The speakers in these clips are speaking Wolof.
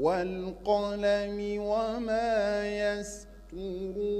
والقلم وما يسترون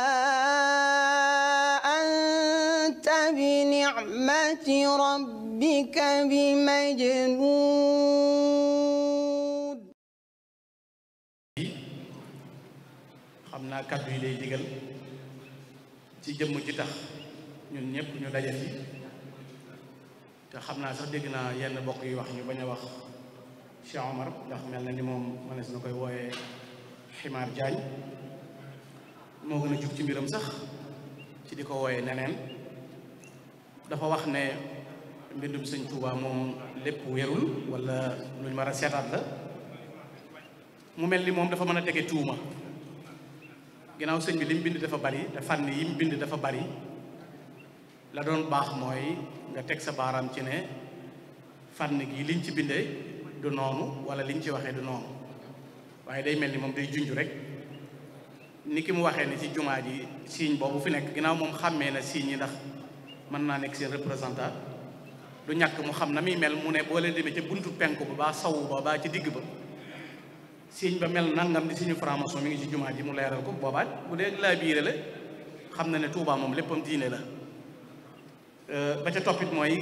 نعمة ربك بمجنون xam naa kàddu yi day digal ci jëmm ji tax ñun ñëpp ñu daje fi te xam naa sax dégg naa yenn bokk yi wax ñu bañ a wax Cheikh Omar ndax mel na ni moom mënees na koy wooye Ximaar Jaañ moo gën a jug ci mbiram sax ci di ko wooyee neneen dafa wax ne mbindum sëñ Touba moom lépp wérul walla luñ mar a seetaat la mu mel ni moom dafa mën a tege tuuma ginnaaw sëñ bi li mu bind dafa bari te fànn yi mu bind dafa bari la doon baax mooy nga teg sa baaraam ci ne fànn gi liñ ci bindee du noonu wala liñ ci waxee du noonu waaye day mel ni moom day junj rek ni ki mu waxee ne ci jumaa ji siiñ boobu fi nekk ginnaaw moom xàmmee na siiñ yi ndax mën naa nekk seen représentant lu ñàkk mu xam na muy mel mu ne boo leen demee ca buntu penku ba baa sawu ba baa ci digg ba siñ ba mel nangam di suñu franc-maçon mi ngi ci jumaa ji mu leeral ko boobaat bu dee laa biire la xam na ne Tuubaa moom léppam diine la euh, ba ca toppit mooy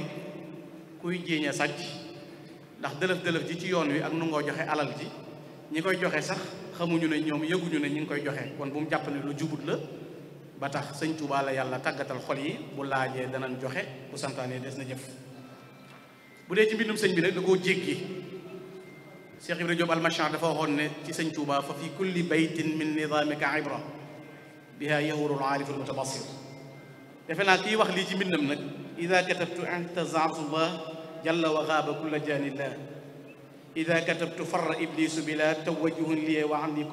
kuy jéeñe sàcc ndax dëlëf dëlëf ji ci yoon wi ak nu ngoo joxe alal ji ñi koy joxe sax xamuñu ne ñoom yëguñu ne ñi ngi koy joxe kon bu mu jàpp ne lu jubut la ba tax sëñ la yàlla tàggatal xol yi bu laajee danañ joxe bu santaanee des na jëf bu dee ci mbindum sëñ bi nag da koo jéggi Cheikh Ibra Diop almachan waxoon ne ci sëñ Tuubaa fa fi kulli baytin min nidaamika ibra biha wax lii ci mbindam nag ida katabtu intazartullah jalla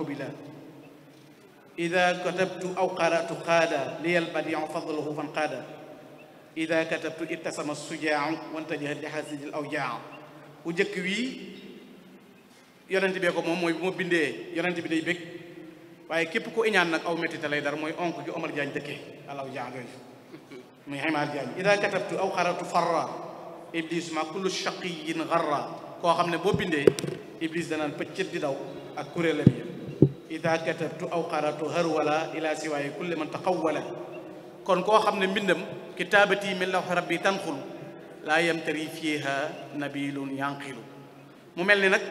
bila ida katabtu aw qaratu xaada liyal badiu fadluhu fan qaada ida katabtu ibtasama sujaau wantajaha li hasidil awjaa bu njëkk wii yonent bee ko moom mooy bu ma bindee yonent bi day bég waaye képp ku iñaan nag aw métti lay dara mooy onk ju Omar Diagne dëkke al awjaa yooyu muy Omar Diagne katabtu aw qaratu farra iblis ma kullu shaqiyin garra koo xam ne boo bindee iblis danaan pëccët di daw ak kuréelam yi ida katabtu aw qaratu harwala ila siwaaye kulli man taqawwala kon koo xam ne mbindam kitaabati min lawx rabbi tanxulu laa yamtari fiiha nabilun yanqilu mu mel ni nag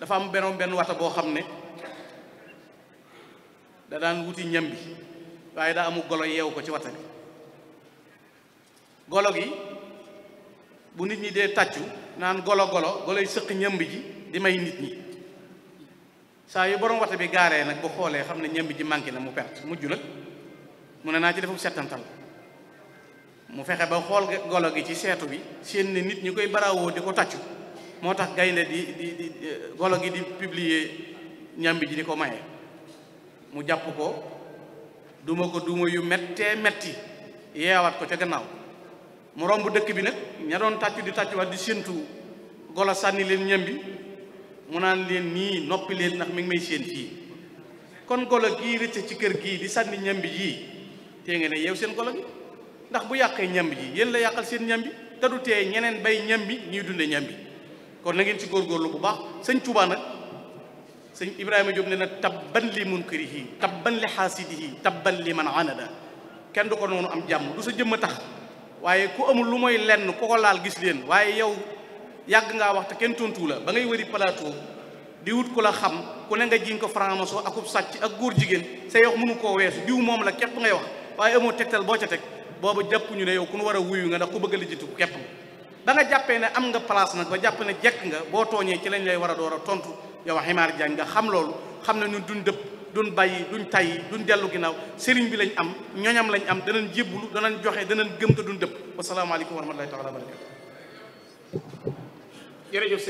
dafa am benoom benn wata boo xam ne da daan wuti ñam waaye daa amu golo yeewu ko ci wata bi golo gi bu nit ñi dee tàccu naan golo golo goloy sëq ñëmb ji di may nit ñi saa yu borom wata bi gaaree nag bu xoolee xam ne ñambi ji manqué na mu perte mujj la mu ne naa ci defub settantal mu fexe ba xool golo gi ci seetu bi seen ne nit ñi koy barawoo di ko tàccu moo tax gaynde di di di golo gi di publier ñambi ji di ko maye mu jàpp ko duma ko duma yu mettee metti yeewaat ko ca gannaaw mu romb dëkk bi nag ña doon tàccu di tàccuwaat di séentu golo sànni leen ñambi mu naan leen nii noppi leen ndax mi ngi may séen fii kon golo gii rëcc ci kër gii di sànni ñambi jii tee ngeen ne yeew seen golo gi ndax bu yàqee ñambi ji yéen la yàqal seen ñambi te du tee ñeneen bay ñambi ñuy dunde ñambi kon na ngeen ci góorgóorlu bu baax sëñ Tuubaa nag sëñ Ibrahima Diop ne na tabban li munkarihi tabban li xaasidihi tabban li man anada kenn du ko noonu am jàmm du sa jëmm a tax waaye ku amul lu mooy lenn ku ko laal gis leen waaye yow yàgg ngaa wax te kenn tontuwu la ba ngay wëri plateau di wut ku la xam ku ne nga jiñ ko franc-maçon akub sàcc ak góor jigéen say wax mënu koo weesu jiw moom la képp ngay wax waaye amoo tegtal boo ca teg boobu jàpp ñu ne yow ku nu war a wuyu nga ndax ku bëgg a lijjitu képp ba nga jàppee ne am nga place nag ba jàpp ne jekk nga boo tooñee ci lañ lay war a door a tontu yow Ximaar Jaañ nga xam loolu xam ne ñun duñ dëpp duñ bàyyi duñ tayyi duñ dellu ginnaaw sëriñ bi lañ am ñoñam lañ am danañ jébbulu danañ joxe danañ gëm te duñ dëpp wasalaamaaleykum wa rahmatullahi taala wa jërëjëf sëñ